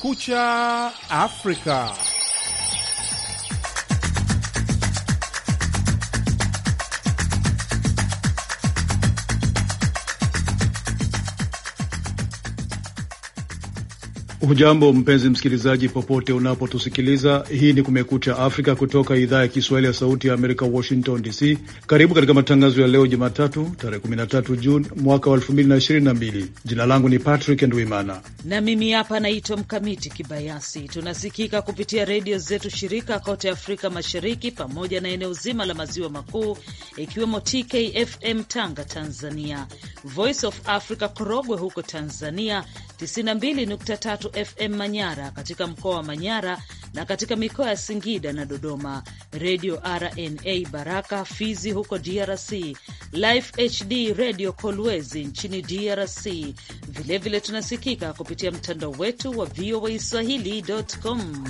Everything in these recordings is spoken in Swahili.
Kumekucha Afrika. Hujambo mpenzi msikilizaji, popote unapotusikiliza. Hii ni Kumekucha Afrika kutoka idhaa ya Kiswahili ya Sauti ya Amerika, Washington DC. Karibu katika matangazo ya leo Jumatatu, tarehe 13 Juni mwaka wa 2022. Jina langu ni Patrick Ndwimana na mimi hapa naitwa Mkamiti Kibayasi. Tunasikika kupitia redio zetu shirika kote Afrika Mashariki pamoja na eneo zima la Maziwa Makuu, ikiwemo TKFM Tanga Tanzania, Voice of Africa Korogwe huko Tanzania, 92.3 FM Manyara katika mkoa wa Manyara na katika mikoa ya Singida na Dodoma, Redio RNA Baraka Fizi huko DRC, Life HD Redio Kolwezi nchini DRC. Vilevile tunasikika kupitia mtandao wetu wa VOA Swahili.com.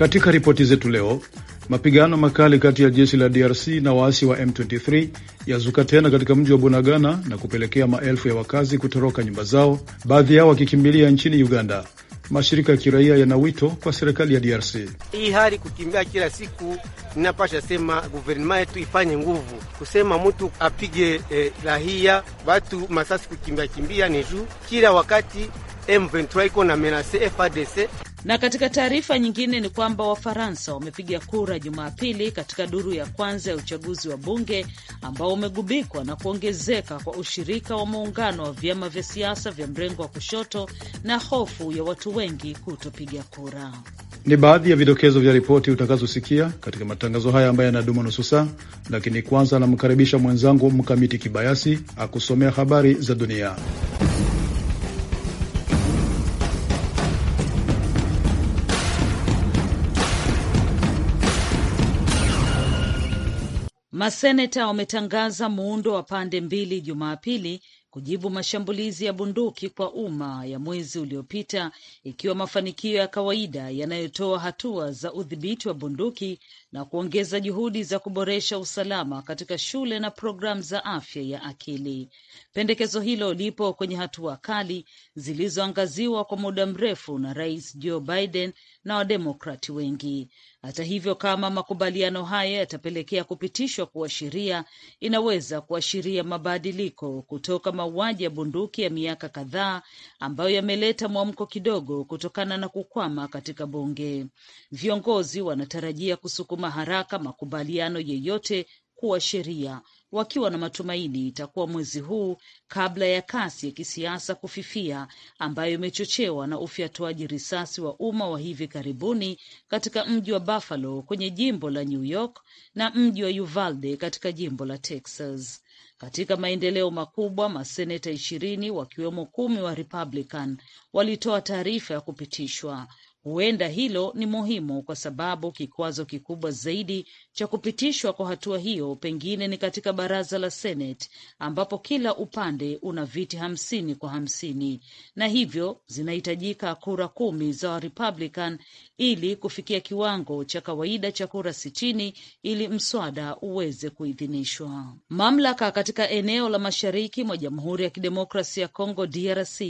Katika ripoti zetu leo, mapigano makali kati ya jeshi la DRC na waasi wa M23 yazuka tena katika mji wa Bunagana na kupelekea maelfu ya wakazi kutoroka nyumba zao, baadhi yao wakikimbilia nchini Uganda. Mashirika ya kiraia yana wito kwa serikali ya DRC. Hii hali kukimbia kila siku inapasha sema guvernema yetu ifanye nguvu kusema mtu apige eh, rahia watu masasi kukimbia kimbia, ni juu kila wakati M23 iko na menase FARDC na katika taarifa nyingine ni kwamba Wafaransa wamepiga kura Jumapili katika duru ya kwanza ya uchaguzi wa bunge ambao umegubikwa na kuongezeka kwa ushirika wa muungano wa vyama vya siasa vya mrengo wa kushoto na hofu ya watu wengi kutopiga kura. Ni baadhi ya vidokezo vya ripoti utakazosikia katika matangazo haya ambayo yanaduma nusu saa, lakini kwanza anamkaribisha mwenzangu Mkamiti Kibayasi akusomea habari za dunia. Maseneta wametangaza muundo wa pande mbili Jumapili kujibu mashambulizi ya bunduki kwa umma ya mwezi uliopita, ikiwa mafanikio ya kawaida yanayotoa hatua za udhibiti wa bunduki na kuongeza juhudi za kuboresha usalama katika shule na programu za afya ya akili. Pendekezo hilo lipo kwenye hatua kali zilizoangaziwa kwa muda mrefu na Rais Joe Biden na Wademokrati wengi. Hata hivyo, kama makubaliano haya yatapelekea kupitishwa kuwa sheria, inaweza kuashiria mabadiliko kutoka mauaji ya bunduki ya miaka kadhaa ambayo yameleta mwamko kidogo kutokana na kukwama katika bunge. Viongozi wanatarajia kusukuma haraka makubaliano yeyote kuwa sheria wakiwa na matumaini itakuwa mwezi huu kabla ya kasi ya kisiasa kufifia ambayo imechochewa na ufyatuaji risasi wa umma wa hivi karibuni katika mji wa Buffalo kwenye jimbo la New York na mji wa Uvalde katika jimbo la Texas. Katika maendeleo makubwa, maseneta ishirini wakiwemo kumi wa Republican walitoa taarifa ya kupitishwa Huenda hilo ni muhimu kwa sababu kikwazo kikubwa zaidi cha kupitishwa kwa hatua hiyo pengine ni katika baraza la Seneti ambapo kila upande una viti hamsini kwa hamsini na hivyo zinahitajika kura kumi za Warepublican ili kufikia kiwango cha kawaida cha kura sitini ili mswada uweze kuidhinishwa. Mamlaka katika eneo la mashariki mwa Jamhuri ya Kidemokrasia ya Kongo DRC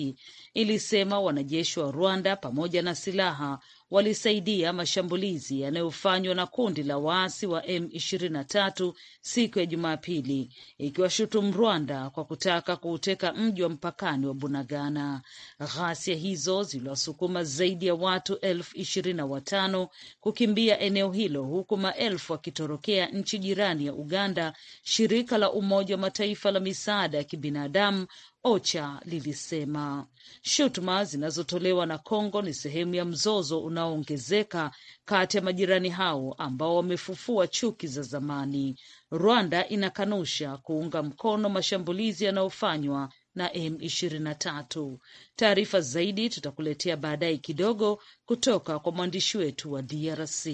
ilisema wanajeshi wa Rwanda pamoja na silaha uh-huh walisaidia mashambulizi yanayofanywa na kundi la waasi wa M23 siku ya Jumapili, ikiwashutumu Rwanda kwa kutaka kuuteka mji wa mpakani wa Bunagana. Ghasia hizo ziliwasukuma zaidi ya watu elfu ishirini na watano kukimbia eneo hilo, huku maelfu wakitorokea nchi jirani ya Uganda. Shirika la Umoja wa Mataifa la misaada ya kibinadamu OCHA lilisema shutuma zinazotolewa na Kongo ni sehemu ya mzozo una unaoongezeka kati ya majirani hao ambao wamefufua chuki za zamani. Rwanda inakanusha kuunga mkono mashambulizi yanayofanywa na M23. Taarifa zaidi tutakuletea baadaye kidogo kutoka kwa mwandishi wetu wa DRC.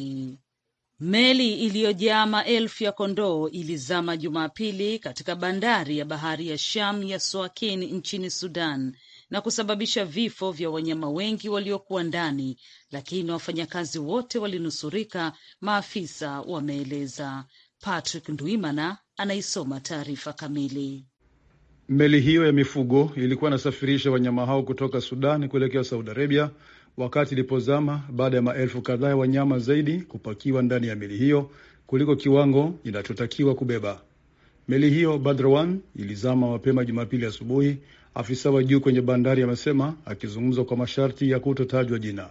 Meli iliyojaa maelfu ya kondoo ilizama Jumapili katika bandari ya bahari ya Sham ya swakin nchini Sudan na kusababisha vifo vya wanyama wengi waliokuwa ndani, lakini wafanyakazi wote walinusurika, maafisa wameeleza. Patrick Ndwimana anaisoma taarifa kamili. Meli hiyo ya mifugo ilikuwa inasafirisha wanyama hao kutoka Sudani kuelekea Saudi Arabia wakati ilipozama baada ya maelfu kadhaa ya wanyama zaidi kupakiwa ndani ya meli hiyo kuliko kiwango inachotakiwa kubeba. Meli hiyo Badr One ilizama mapema Jumapili asubuhi afisa wa juu kwenye bandari amesema akizungumza kwa masharti ya kutotajwa jina.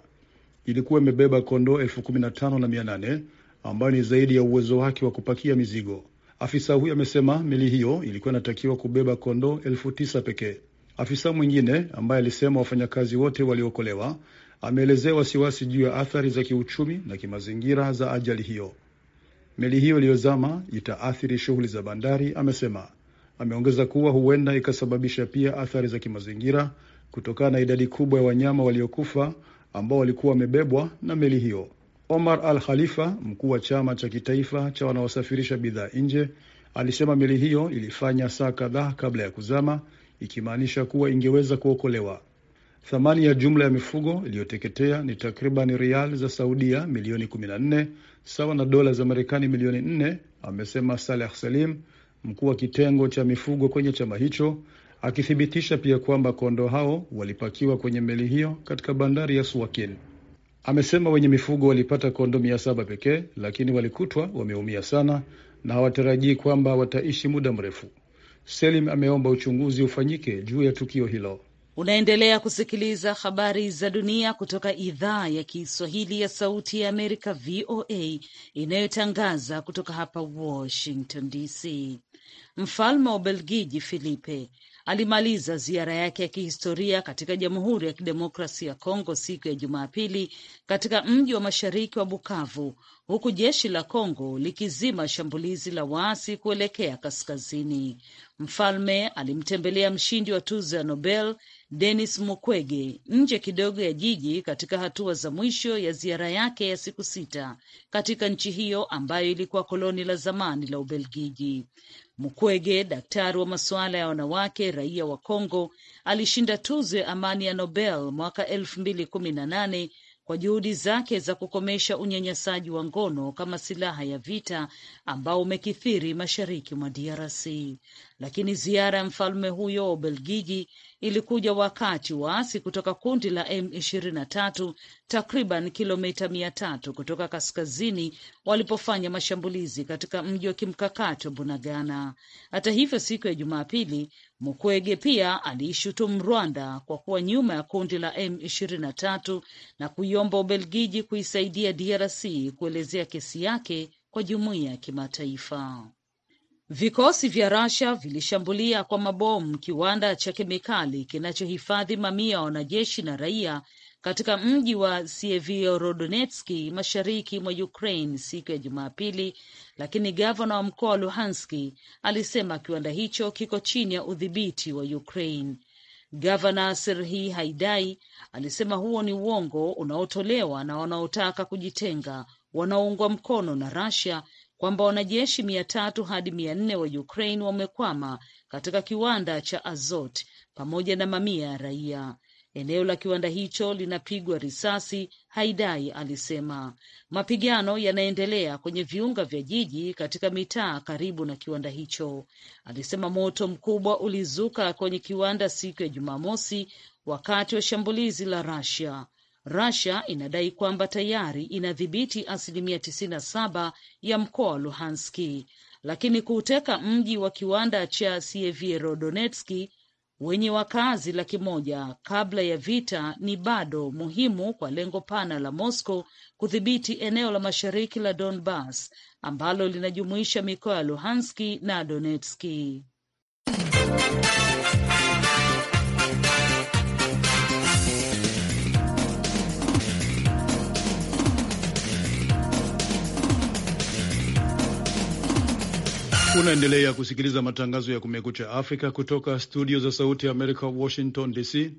Ilikuwa imebeba kondoo elfu kumi na tano na mia nane ambayo ni zaidi ya uwezo wake wa kupakia mizigo. Afisa huyo amesema meli hiyo ilikuwa inatakiwa kubeba kondoo elfu tisa pekee. Afisa mwingine ambaye alisema wafanyakazi wote waliokolewa ameelezea wasiwasi juu ya athari za kiuchumi na kimazingira za ajali hiyo. Meli hiyo iliyozama itaathiri shughuli za bandari, amesema. Ameongeza kuwa huenda ikasababisha pia athari za kimazingira kutokana na idadi kubwa ya wanyama waliokufa ambao walikuwa wamebebwa na meli hiyo. Omar Al Khalifa, mkuu wa chama cha kitaifa cha wanaosafirisha bidhaa nje, alisema meli hiyo ilifanya saa kadhaa kabla ya kuzama, ikimaanisha kuwa ingeweza kuokolewa. Thamani ya jumla ya mifugo iliyoteketea ni takriban rial za Saudia milioni 14 sawa na dola za Marekani milioni 4, amesema Saleh Salim, mkuu wa kitengo cha mifugo kwenye chama hicho, akithibitisha pia kwamba kondoo hao walipakiwa kwenye meli hiyo katika bandari ya Suakin. Amesema wenye mifugo walipata kondoo mia saba pekee, lakini walikutwa wameumia sana na hawatarajii kwamba wataishi muda mrefu. Selim ameomba uchunguzi ufanyike juu ya tukio hilo. Unaendelea kusikiliza habari za dunia kutoka idhaa ya Kiswahili ya Sauti ya Amerika, VOA, inayotangaza kutoka hapa Washington DC. Mfalme wa Ubelgiji Filipe alimaliza ziara yake ya kihistoria katika Jamhuri ya Kidemokrasi ya Kongo siku ya Jumapili katika mji wa mashariki wa Bukavu, huku jeshi la Kongo likizima shambulizi la waasi kuelekea kaskazini. Mfalme alimtembelea mshindi wa tuzo ya Nobel Denis Mukwege nje kidogo ya jiji katika hatua za mwisho ya ziara yake ya siku sita katika nchi hiyo ambayo ilikuwa koloni la zamani la Ubelgiji. Mukwege, daktari wa masuala ya wanawake raia wa congo alishinda tuzo ya amani ya Nobel mwaka elfu mbili kumi na nane kwa juhudi zake za kukomesha unyanyasaji wa ngono kama silaha ya vita ambao umekithiri mashariki mwa DRC. Lakini ziara ya mfalme huyo wa Ubelgiji ilikuja wakati waasi kutoka kundi la M23 takriban kilomita mia tatu kutoka kaskazini walipofanya mashambulizi katika mji wa kimkakati wa Bunagana. Hata hivyo, siku ya Jumapili Mukwege pia aliishutumu Rwanda kwa kuwa nyuma ya kundi la M 23 na na kuiomba Ubelgiji kuisaidia DRC kuelezea kesi yake kwa jumuiya ya kimataifa. Vikosi vya Russia vilishambulia kwa mabomu kiwanda cha kemikali kinachohifadhi mamia ya wanajeshi na raia katika mji wa sievirodonetski mashariki mwa Ukraine siku ya Jumapili, lakini gavana wa mkoa wa Luhanski alisema kiwanda hicho kiko chini ya udhibiti wa Ukraine. Gavana Serhii Haidai alisema huo ni uongo unaotolewa na wanaotaka kujitenga wanaoungwa mkono na rasia kwamba wanajeshi mia tatu hadi mia nne wa Ukraine wamekwama katika kiwanda cha Azot pamoja na mamia ya raia. Eneo la kiwanda hicho linapigwa risasi, Haidai alisema. Mapigano yanaendelea kwenye viunga vya jiji katika mitaa karibu na kiwanda hicho. Alisema moto mkubwa ulizuka kwenye kiwanda siku ya Jumamosi wakati wa shambulizi la Russia. Russia inadai kwamba tayari inadhibiti asilimia 97 saba ya mkoa wa Luhanski, lakini kuuteka mji wa kiwanda cha Sievierodonetski wenye wakazi laki moja kabla ya vita ni bado muhimu kwa lengo pana la Moscow kudhibiti eneo la mashariki la Donbas ambalo linajumuisha mikoa ya Luhanski na Donetski. Unaendelea kusikiliza matangazo ya Kumekucha Afrika kutoka studio za Sauti ya Amerika, Washington DC.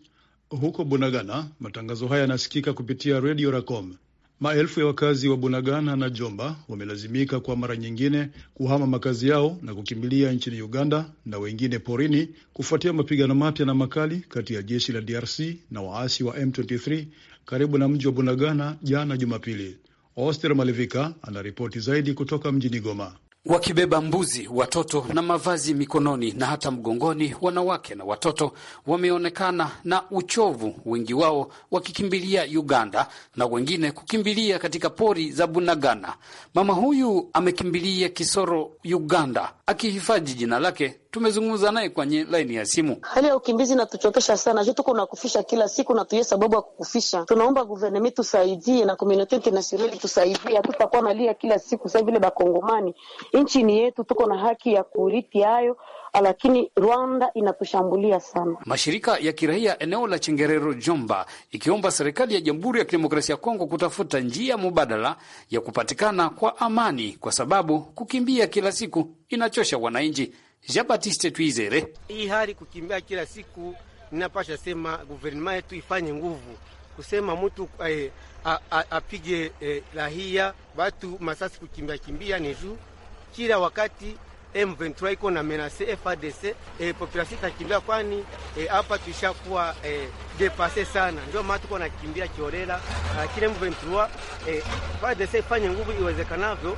Huko Bunagana, matangazo haya yanasikika kupitia redio Racom. Maelfu ya wakazi wa Bunagana na Jomba wamelazimika kwa mara nyingine kuhama makazi yao na kukimbilia nchini Uganda na wengine porini kufuatia mapigano mapya na makali kati ya jeshi la DRC na waasi wa M23 karibu na mji wa Bunagana jana Jumapili. Oster Malevika anaripoti zaidi kutoka mjini Goma wakibeba mbuzi, watoto na mavazi mikononi na hata mgongoni. Wanawake na watoto wameonekana na uchovu, wengi wao wakikimbilia Uganda na wengine kukimbilia katika pori za Bunagana. Mama huyu amekimbilia Kisoro, Uganda, akihifadhi jina lake Tumezungumza naye kwenye laini ya simu. Hali ya ukimbizi inatuchokesha sana, juu tuko nakufisha kila siku na tuye sababu ya kukufisha. Tunaomba guvernement tusaidie na komunote internasionali tusaidie, hatutakuwa nalia kila siku sa vile Bakongomani. Nchi ni yetu, tuko na haki ya kurithi hayo, lakini Rwanda inatushambulia sana. Mashirika ya kiraia eneo la Chengerero Jomba ikiomba serikali ya Jamhuri ya Kidemokrasia ya Kongo kutafuta njia mubadala ya kupatikana kwa amani, kwa sababu kukimbia kila siku inachosha wananchi. Jean Baptiste Twizere. Hii hali kukimbia kila siku, ninapasha sema guvernema yetu ifanye nguvu kusema mtu eh, apige eh, rahia watu masasi kukimbia kimbia, ni juu kila wakati M23 iko na menase FARDC eh, populasi itakimbia, kwani eh, hapa eh, tuishakuwa eh, depase sana, ndio maana tuko nakimbia kiolela na kile M23 eh, FARDC nguvu iwezekanavyo,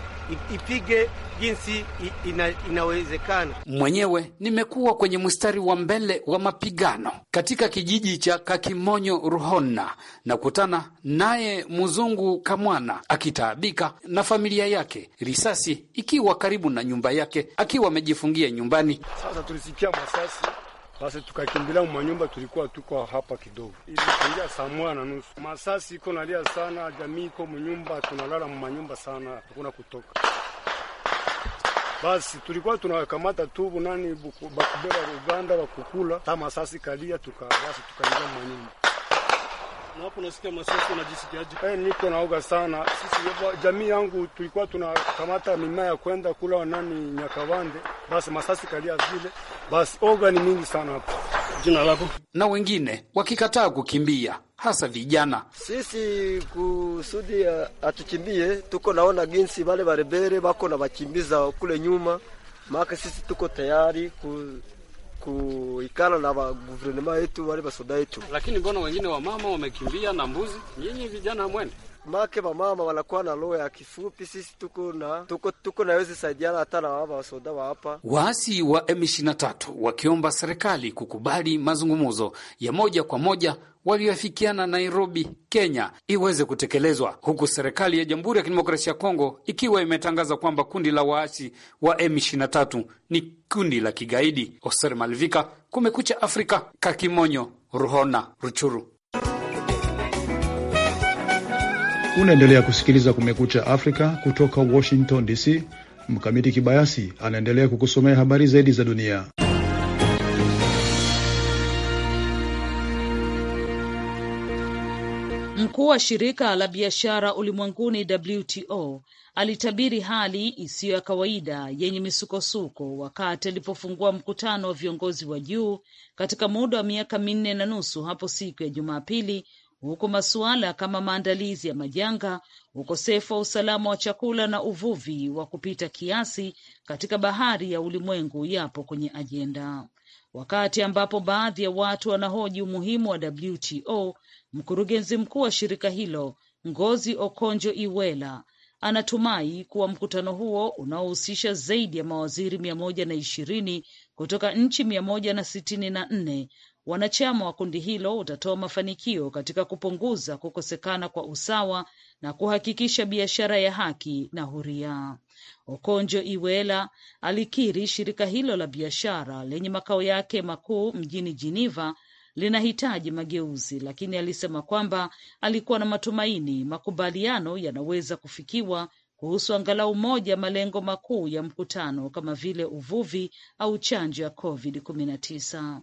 ipige jinsi ina, inawezekana. Mwenyewe nimekuwa kwenye mstari wa mbele wa mapigano katika kijiji cha Kakimonyo Ruhona, na kutana naye mzungu Kamwana akitaabika na familia yake, risasi ikiwa karibu na nyumba yake, akiwa amejifungia nyumbani. Sasa tulisikia masasi basi tukakimbilia manyumba, tulikuwa tuko hapa kidogo, ilikuingia saa moja na nusu, masasi iko nalia sana, jamii iko mnyumba, tunalala mmanyumba sana, hakuna kutoka. Basi tulikuwa tunawakamata tu nani bakubeba Uganda wakukula ta masasi kalia, tuka basi tukaingia manyumba na hapo nasikia masasi, na unajisikiaje? Eh, niko naoga sana. Sisi jamii yangu tulikuwa tunakamata mimea ya kwenda kula nani Nyakavande basi masasi kalia zile basi, ni mingi sana hapa. Jina lako? Na wengine wakikataa kukimbia, hasa vijana. Sisi kusudi hatukimbie, tuko naona ginsi wale warebere wako na wakimbiza kule nyuma, maka sisi tuko tayari ku kuikala na waguvernema yetu wale basoda yetu. Lakini mbona wengine wamama wamekimbia na mbuzi, nyinyi vijana hamwende? make bamama wanakuwa na roho ya kifupi. Sisi tuko na tuko, tuko nawezi saidiana hata na waba wasoda wa hapa. Waasi wa M23 wakiomba serikali kukubali mazungumzo ya moja kwa moja walioafikiana Nairobi, Kenya iweze kutekelezwa, huku serikali ya Jamhuri ya Kidemokrasia ya Kongo ikiwa imetangaza kwamba kundi la waasi wa M23 ni kundi la kigaidi. Oser Malvika, Kumekucha Afrika, Kakimonyo, Ruhona, Ruchuru. Unaendelea kusikiliza Kumekucha Afrika kutoka Washington DC. Mkamiti Kibayasi anaendelea kukusomea habari zaidi za dunia. Mkuu wa shirika la biashara ulimwenguni WTO alitabiri hali isiyo ya kawaida yenye misukosuko wakati alipofungua mkutano wa viongozi wa juu katika muda wa miaka minne na nusu hapo siku ya Jumapili, huku masuala kama maandalizi ya majanga, ukosefu wa usalama wa chakula na uvuvi wa kupita kiasi katika bahari ya ulimwengu yapo kwenye ajenda. Wakati ambapo baadhi ya watu wanahoji umuhimu wa WTO, mkurugenzi mkuu wa shirika hilo Ngozi Okonjo-Iweala anatumai kuwa mkutano huo unaohusisha zaidi ya mawaziri mia moja na ishirini kutoka nchi mia moja na sitini na nne Wanachama wa kundi hilo utatoa mafanikio katika kupunguza kukosekana kwa usawa na kuhakikisha biashara ya haki na huria. Okonjo Iweala alikiri shirika hilo la biashara lenye makao yake makuu mjini Geneva linahitaji mageuzi, lakini alisema kwamba alikuwa na matumaini makubaliano yanaweza kufikiwa kuhusu angalau moja malengo makuu ya mkutano kama vile uvuvi au chanjo ya COVID-19.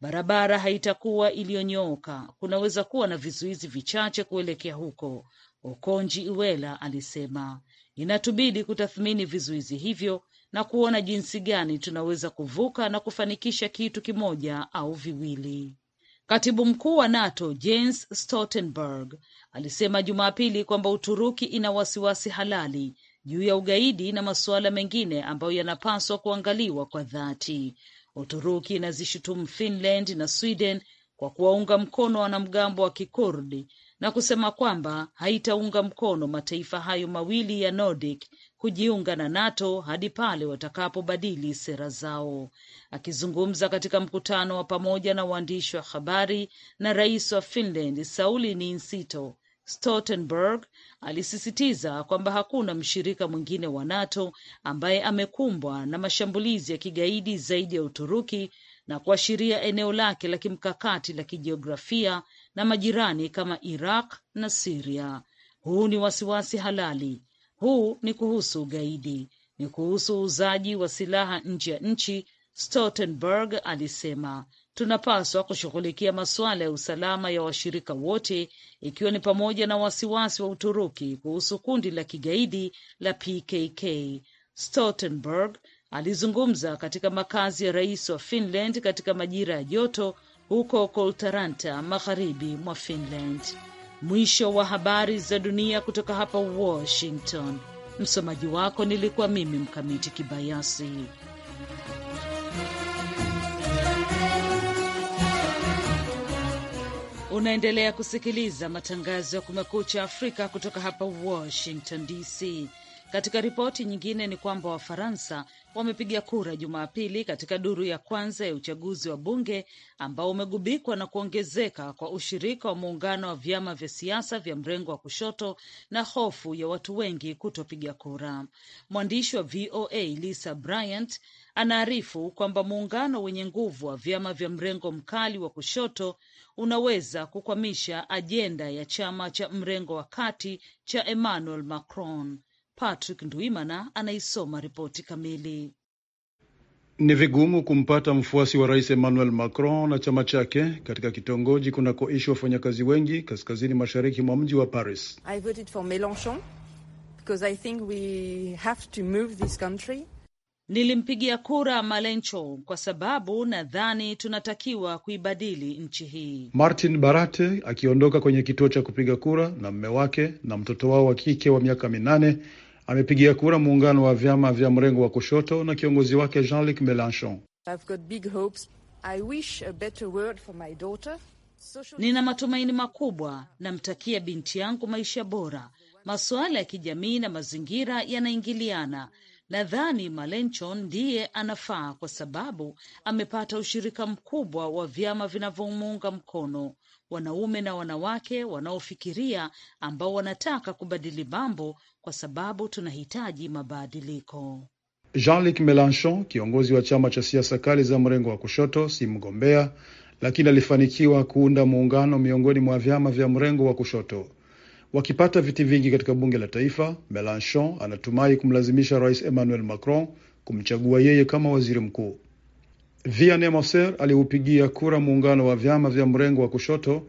Barabara haitakuwa iliyonyooka kunaweza kuwa na vizuizi vichache kuelekea huko Okonji Iweala alisema inatubidi kutathmini vizuizi hivyo na kuona jinsi gani tunaweza kuvuka na kufanikisha kitu kimoja au viwili. Katibu mkuu wa NATO Jens Stoltenberg alisema Jumapili kwamba Uturuki ina wasiwasi halali juu ya ugaidi na masuala mengine ambayo yanapaswa kuangaliwa kwa dhati. Uturuki inazishutumu Finland na Sweden kwa kuwaunga mkono wanamgambo wa Kikurdi na kusema kwamba haitaunga mkono mataifa hayo mawili ya Nordic kujiunga na NATO hadi pale watakapobadili sera zao. Akizungumza katika mkutano wa pamoja na waandishi wa habari na rais wa Finland Sauli Niinistö, Stoltenberg alisisitiza kwamba hakuna mshirika mwingine wa NATO ambaye amekumbwa na mashambulizi ya kigaidi zaidi ya Uturuki na kuashiria eneo lake la kimkakati la kijiografia na majirani kama Iraq na Siria. Huu ni wasiwasi halali. Huu ni kuhusu ugaidi, ni kuhusu uuzaji wa silaha nje ya nchi, Stoltenberg alisema tunapaswa kushughulikia masuala ya usalama ya washirika wote ikiwa ni pamoja na wasiwasi wa Uturuki kuhusu kundi la kigaidi la PKK. Stoltenberg alizungumza katika makazi ya rais wa Finland katika majira ya joto huko Koltaranta, magharibi mwa Finland. Mwisho wa habari za dunia kutoka hapa Washington. Msomaji wako nilikuwa mimi Mkamiti Kibayasi. Unaendelea kusikiliza matangazo ya Kumekucha Afrika kutoka hapa Washington DC. Katika ripoti nyingine ni kwamba Wafaransa wamepiga kura Jumapili katika duru ya kwanza ya uchaguzi wa bunge ambao umegubikwa na kuongezeka kwa ushirika wa muungano wa vyama vya siasa vya mrengo wa kushoto na hofu ya watu wengi kutopiga kura. Mwandishi wa VOA Lisa Bryant anaarifu kwamba muungano wenye nguvu wa vyama vya mrengo mkali wa kushoto unaweza kukwamisha ajenda ya chama cha mrengo wa kati cha Emmanuel Macron. Patrick Ndwimana anaisoma ripoti kamili. Ni vigumu kumpata mfuasi wa rais Emmanuel Macron na chama chake katika kitongoji kunakoishi wafanyakazi wengi kaskazini mashariki mwa mji wa Paris. I voted for because I think we have to move this country Nilimpigia kura Malencho kwa sababu nadhani tunatakiwa kuibadili nchi hii. Martin Barate akiondoka kwenye kituo cha kupiga kura na mme wake na mtoto wao wa kike wa miaka minane amepigia kura muungano wa vyama vya mrengo wa kushoto na kiongozi wake Jean-Luc Melenchon. nina matumaini makubwa, namtakia binti yangu maisha bora. Masuala ya kijamii na mazingira yanaingiliana Nadhani Malenchon ndiye anafaa kwa sababu amepata ushirika mkubwa wa vyama vinavyomuunga mkono, wanaume na wanawake wanaofikiria, ambao wanataka kubadili mambo, kwa sababu tunahitaji mabadiliko. Jean-Luc Melenchon, kiongozi wa chama cha siasa kali za mrengo wa kushoto, si mgombea, lakini alifanikiwa kuunda muungano miongoni mwa vyama vya mrengo wa kushoto. Wakipata viti vingi katika bunge la taifa, Melanchon anatumai kumlazimisha rais Emmanuel Macron kumchagua yeye kama waziri mkuu. Vianney Moser aliupigia kura muungano wa vyama vya mrengo wa kushoto.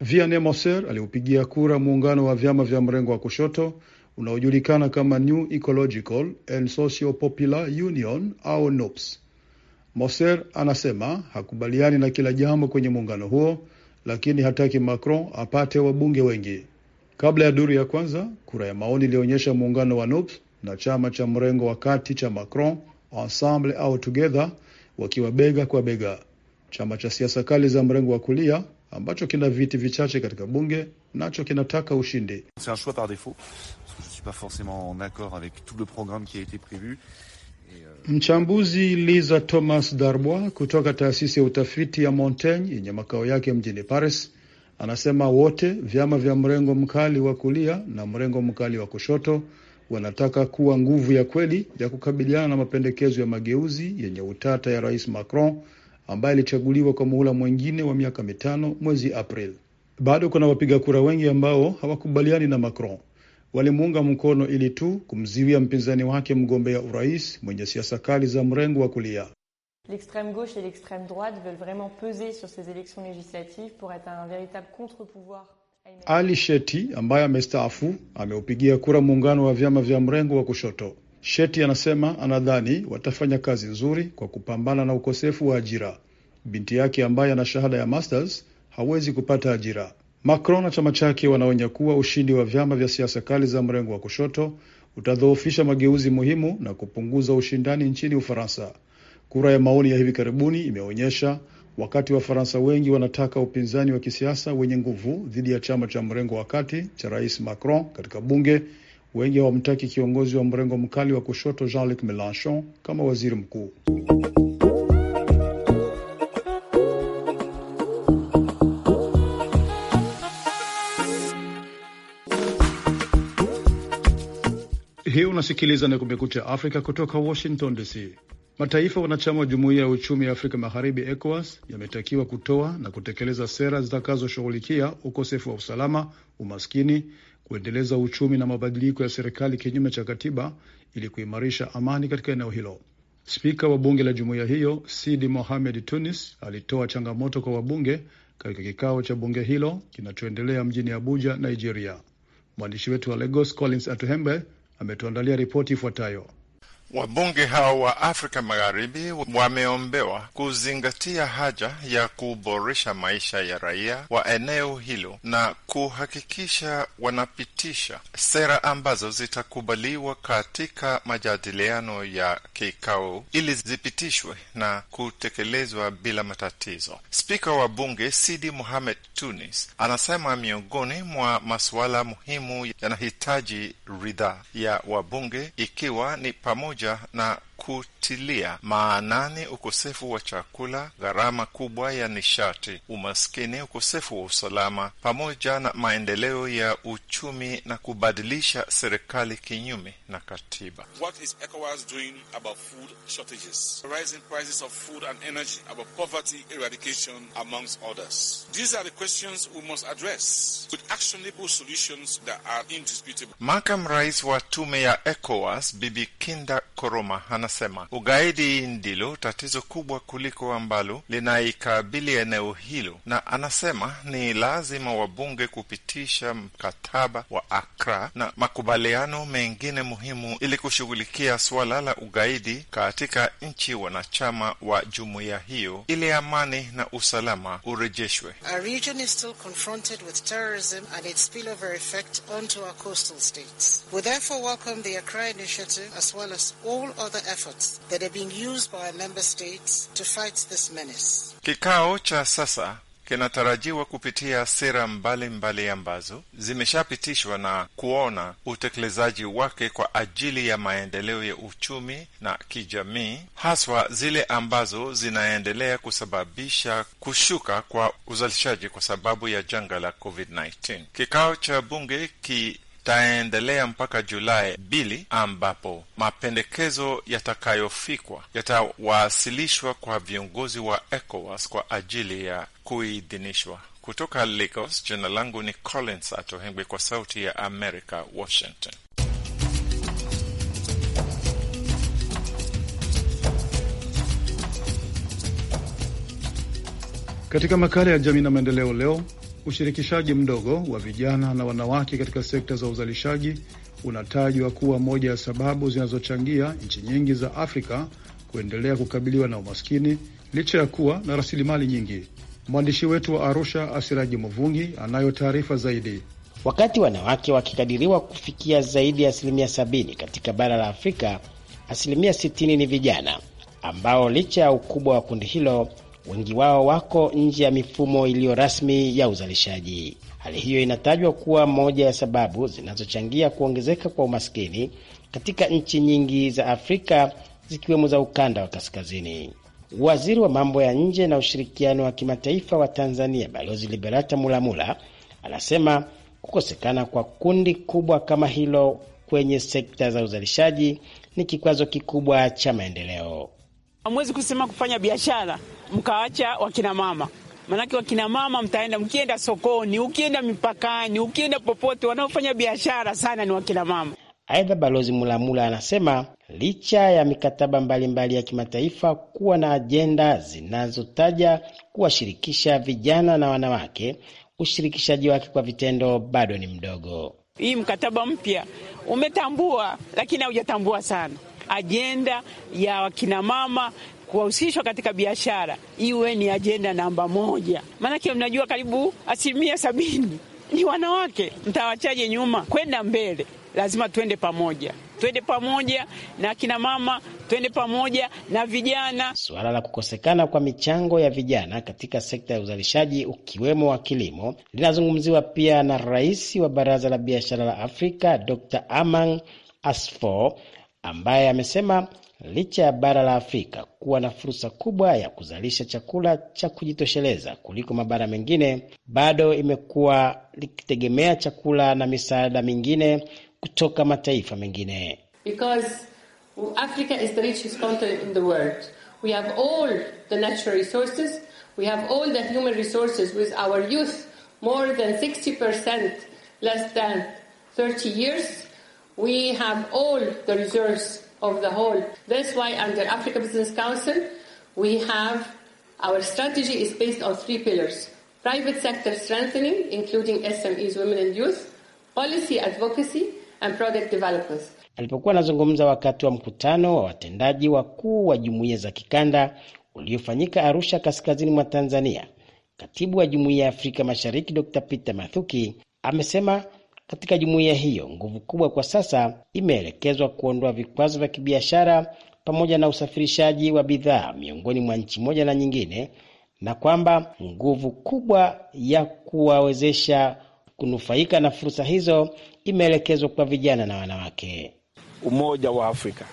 Vianney Moser aliupigia kura muungano wa vyama vya mrengo wa kushoto unaojulikana kama New Ecological and Socio Popular Union au NOPS. Moser anasema hakubaliani na kila jambo kwenye muungano huo, lakini hataki Macron apate wabunge wengi. Kabla ya duru ya kwanza, kura ya maoni ilionyesha muungano wa NUPS na chama cha mrengo wa kati cha Macron, Ensemble au Together, wakiwa bega kwa bega. Chama cha siasa kali za mrengo wa kulia ambacho kina viti vichache katika bunge nacho kinataka ushindi. Euh, Mchambuzi lisa Thomas Darbois kutoka taasisi ya utafiti ya Montaigne yenye makao yake mjini Paris Anasema wote vyama vya mrengo mkali wa kulia na mrengo mkali wa kushoto wanataka kuwa nguvu ya kweli ya kukabiliana na mapendekezo ya mageuzi yenye utata ya Rais Macron ambaye alichaguliwa kwa muhula mwingine wa miaka mitano mwezi Aprili. Bado kuna wapiga kura wengi ambao hawakubaliani na Macron, walimuunga mkono ili tu kumziwia mpinzani wake mgombea urais mwenye siasa kali za mrengo wa kulia l'extrême gauche et l'extrême droite veulent vraiment peser sur ces élections législatives pour être un véritable contre-pouvoir. Ali Sheti ambaye amestaafu ameupigia kura muungano wa vyama vya mrengo wa kushoto. Sheti anasema anadhani watafanya kazi nzuri kwa kupambana na ukosefu wa ajira. Binti yake ambaye ana shahada ya masters hawezi kupata ajira. Macron na chama chake wanaonya kuwa ushindi wa vyama vya siasa kali za mrengo wa kushoto utadhoofisha mageuzi muhimu na kupunguza ushindani nchini Ufaransa. Kura ya maoni ya hivi karibuni imeonyesha wakati Wafaransa wengi wanataka upinzani wa kisiasa wenye nguvu dhidi ya chama cha mrengo wa kati cha rais Macron katika bunge, wengi hawamtaki kiongozi wa mrengo mkali wa kushoto Jean Luc Melenchon kama waziri mkuu. Hii unasikiliza ni Kumekucha Afrika kutoka Washington DC. Mataifa wanachama wa Jumuiya ya Uchumi ya Afrika Magharibi, ECOWAS, yametakiwa kutoa na kutekeleza sera zitakazoshughulikia ukosefu wa usalama, umaskini, kuendeleza uchumi na mabadiliko ya serikali kinyume cha katiba ili kuimarisha amani katika eneo hilo. Spika wa bunge la jumuiya hiyo Sidi Mohamed Tunis alitoa changamoto kwa wabunge katika kikao cha bunge hilo kinachoendelea mjini Abuja, Nigeria. Mwandishi wetu wa Lagos Collins Atuhembe ametuandalia ripoti ifuatayo. Wabunge hao wa Afrika Magharibi wameombewa kuzingatia haja ya kuboresha maisha ya raia wa eneo hilo na kuhakikisha wanapitisha sera ambazo zitakubaliwa katika majadiliano ya kikao ili zipitishwe na kutekelezwa bila matatizo. Spika wa bunge Sidi Mohamed Tunis anasema miongoni mwa masuala muhimu yanahitaji ridhaa ya wabunge ikiwa ni pamoja 那。kutilia maanani ukosefu wa chakula, gharama kubwa ya nishati, umaskini, ukosefu wa usalama, pamoja na maendeleo ya uchumi na kubadilisha serikali kinyume na katiba. What is ECOWAS doing about food shortages, rising prices of food and energy, about poverty eradication amongst others? These are the questions we must address with actionable solutions that are indisputable. Makamu Rais wa tume ya ECOWAS Bibi Kinda Koroma hana anasema ugaidi ndilo tatizo kubwa kuliko ambalo linaikabili eneo hilo, na anasema ni lazima wabunge kupitisha mkataba wa Akra na makubaliano mengine muhimu ili kushughulikia suala la ugaidi katika nchi wanachama wa jumuiya hiyo ili amani na usalama urejeshwe. Well Kikao cha sasa kinatarajiwa kupitia sera mbalimbali mbali ambazo zimeshapitishwa na kuona utekelezaji wake kwa ajili ya maendeleo ya uchumi na kijamii, haswa zile ambazo zinaendelea kusababisha kushuka kwa uzalishaji kwa sababu ya janga la COVID-19. Kikao cha bunge ki taendelea mpaka Julai mbili ambapo mapendekezo yatakayofikwa yatawasilishwa kwa viongozi wa ECOWAS kwa ajili ya kuidhinishwa. Kutoka Lagos, jina langu ni Collins Atohengwi kwa Sauti ya America, Washington. Katika makala ya jamii na maendeleo leo Ushirikishaji mdogo wa vijana na wanawake katika sekta za uzalishaji unatajwa kuwa moja ya sababu zinazochangia nchi nyingi za Afrika kuendelea kukabiliwa na umaskini licha ya kuwa na rasilimali nyingi. Mwandishi wetu wa Arusha, Asiraji Muvungi, anayo taarifa zaidi. Wakati wanawake wakikadiriwa kufikia zaidi ya asilimia sabini katika bara la Afrika, asilimia sitini ni vijana ambao licha ya ukubwa wa kundi hilo wengi wao wako nje ya mifumo iliyo rasmi ya uzalishaji. Hali hiyo inatajwa kuwa moja ya sababu zinazochangia kuongezeka kwa umaskini katika nchi nyingi za Afrika zikiwemo za ukanda wa kaskazini. Waziri wa mambo ya nje na ushirikiano wa kimataifa wa Tanzania, Balozi Liberata Mulamula, anasema kukosekana kwa kundi kubwa kama hilo kwenye sekta za uzalishaji ni kikwazo kikubwa cha maendeleo. Hamwezi kusema kufanya biashara mkaacha wakinamama, maanake wakinamama mtaenda, mkienda sokoni, ukienda mipakani, ukienda popote, wanaofanya biashara sana ni wakinamama. Aidha, Balozi Mulamula anasema licha ya mikataba mbalimbali mbali ya kimataifa kuwa na ajenda zinazotaja kuwashirikisha vijana na wanawake, ushirikishaji wake kwa vitendo bado ni mdogo. Hii mkataba mpya umetambua, lakini haujatambua sana ajenda ya wakinamama kuwahusishwa katika biashara iwe ni ajenda namba moja, maanake mnajua karibu asilimia sabini ni wanawake. Mtawachaje nyuma? Kwenda mbele, lazima tuende pamoja twende pamoja na akina mama, twende pamoja na vijana. Suala la kukosekana kwa michango ya vijana katika sekta ya uzalishaji ukiwemo wa kilimo linazungumziwa pia na rais wa Baraza la Biashara la Afrika Dr. Amang Asfo ambaye amesema licha ya bara la Afrika kuwa na fursa kubwa ya kuzalisha chakula cha kujitosheleza kuliko mabara mengine, bado imekuwa likitegemea chakula na misaada mingine kutoka mataifa mengine. More than 60% less than 30 years we have all the reserves of the whole. That's why under Africa Business Council, we have our strategy is based on three pillars. Private sector strengthening, including SMEs, women and youth, policy advocacy, and product developments. Alipokuwa anazungumza wakati wa mkutano wa watendaji wakuu wa jumuiya za kikanda uliofanyika Arusha, kaskazini mwa Tanzania, katibu wa jumuiya ya Afrika Mashariki Dr. Peter Mathuki amesema katika jumuiya hiyo, nguvu kubwa kwa sasa imeelekezwa kuondoa vikwazo vya kibiashara pamoja na usafirishaji wa bidhaa miongoni mwa nchi moja na nyingine, na kwamba nguvu kubwa ya kuwawezesha kunufaika na fursa hizo imeelekezwa kwa vijana na wanawake. Umoja wa Afrika,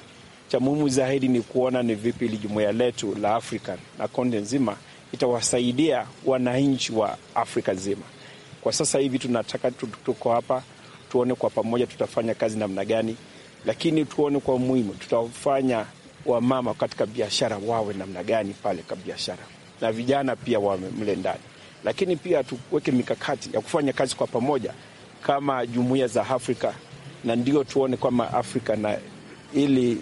cha muhimu zaidi ni kuona ni vipi ili jumuiya letu la Afrika na konde nzima itawasaidia wananchi wa Afrika nzima. Kwa sasa hivi tunataka tuko hapa tuone kwa pamoja tutafanya kazi namna gani, lakini tuone kwa muhimu tutafanya wamama katika biashara wawe namna gani pale kwa biashara na vijana pia wawe mle ndani, lakini pia tuweke mikakati ya kufanya kazi kwa pamoja kama jumuiya za Afrika na ndio tuone kama Afrika na ili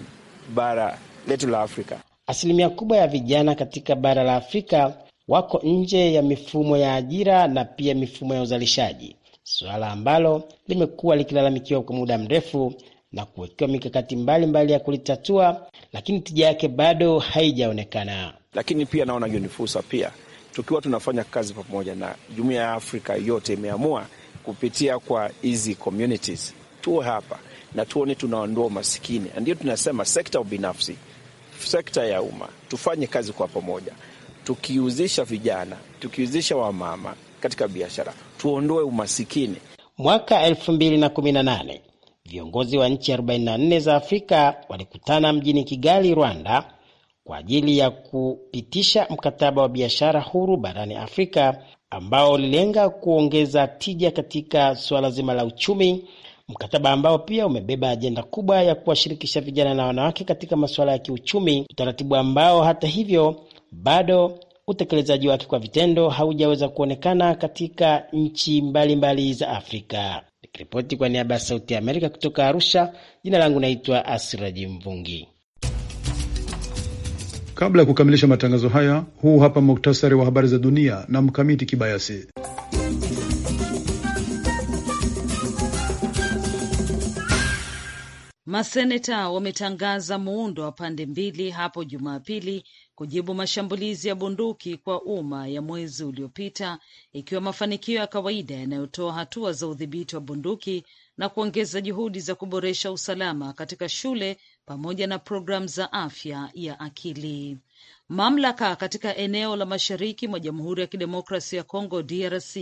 bara letu la Afrika, asilimia kubwa ya vijana katika bara la Afrika wako nje ya mifumo ya ajira na pia mifumo ya uzalishaji, suala ambalo limekuwa likilalamikiwa kwa muda mrefu na kuwekewa mikakati mbalimbali ya kulitatua, lakini tija yake bado haijaonekana. Lakini pia naona hiyo ni fursa pia, tukiwa tunafanya kazi pamoja na jumuiya ya Afrika yote imeamua kupitia kwa hizi communities, tuwe hapa na tuone tunaondoa umasikini, na ndiyo tunasema sekta ubinafsi, sekta ya umma, tufanye kazi kwa pamoja tukiuzisha vijana, tukiuzisha wamama katika biashara, tuondoe umasikini. Mwaka 2018 viongozi wa nchi 44 za Afrika walikutana mjini Kigali, Rwanda, kwa ajili ya kupitisha mkataba wa biashara huru barani Afrika ambao ulilenga kuongeza tija katika suala zima la uchumi, mkataba ambao pia umebeba ajenda kubwa ya kuwashirikisha vijana na wanawake katika masuala ya kiuchumi, utaratibu ambao hata hivyo bado utekelezaji wake kwa vitendo haujaweza kuonekana katika nchi mbalimbali mbali za Afrika. Nikiripoti kwa niaba ya Sauti ya Amerika kutoka Arusha, jina langu naitwa Asiraji Mvungi. Kabla ya kukamilisha matangazo haya, huu hapa muktasari wa habari za dunia na Mkamiti Kibayasi. Maseneta wametangaza muundo wa pande mbili hapo Jumapili kujibu mashambulizi ya bunduki kwa umma ya mwezi uliopita, ikiwa mafanikio ya kawaida yanayotoa hatua za udhibiti wa bunduki na kuongeza juhudi za kuboresha usalama katika shule pamoja na programu za afya ya akili. Mamlaka katika eneo la mashariki mwa Jamhuri ya Kidemokrasia ya Kongo DRC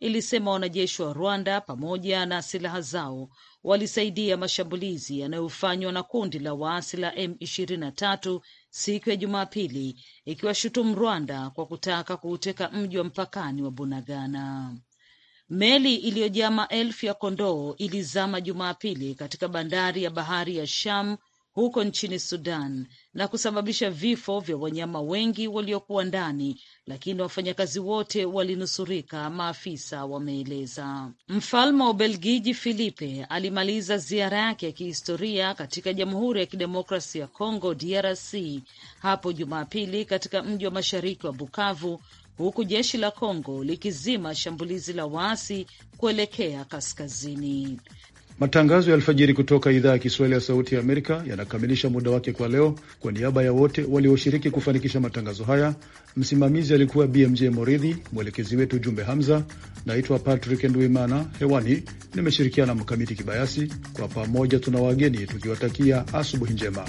ilisema wanajeshi wa Rwanda pamoja na silaha zao walisaidia mashambulizi yanayofanywa na kundi la waasi la M23 siku ya Jumapili, ikiwashutumu Rwanda kwa kutaka kuuteka mji wa mpakani wa Bunagana. Meli iliyojaa maelfu ya kondoo ilizama Jumapili katika bandari ya bahari ya Sham huko nchini Sudan na kusababisha vifo vya wanyama wengi waliokuwa ndani, lakini wafanyakazi wote walinusurika, maafisa wameeleza. Mfalme wa Ubelgiji Filipe alimaliza ziara yake ya kihistoria katika Jamhuri ya Kidemokrasi ya congo DRC hapo Jumapili katika mji wa mashariki wa Bukavu huku jeshi la congo likizima shambulizi la waasi kuelekea kaskazini. Matangazo ya alfajiri kutoka idhaa ya Kiswahili ya Sauti ya Amerika yanakamilisha muda wake kwa leo. Kwa niaba ya wote walioshiriki kufanikisha matangazo haya, msimamizi alikuwa BMJ Moridhi, mwelekezi wetu Jumbe Hamza. Naitwa Patrick Nduimana, hewani nimeshirikiana na Mkamiti Kibayasi. Kwa pamoja tuna wageni tukiwatakia asubuhi njema.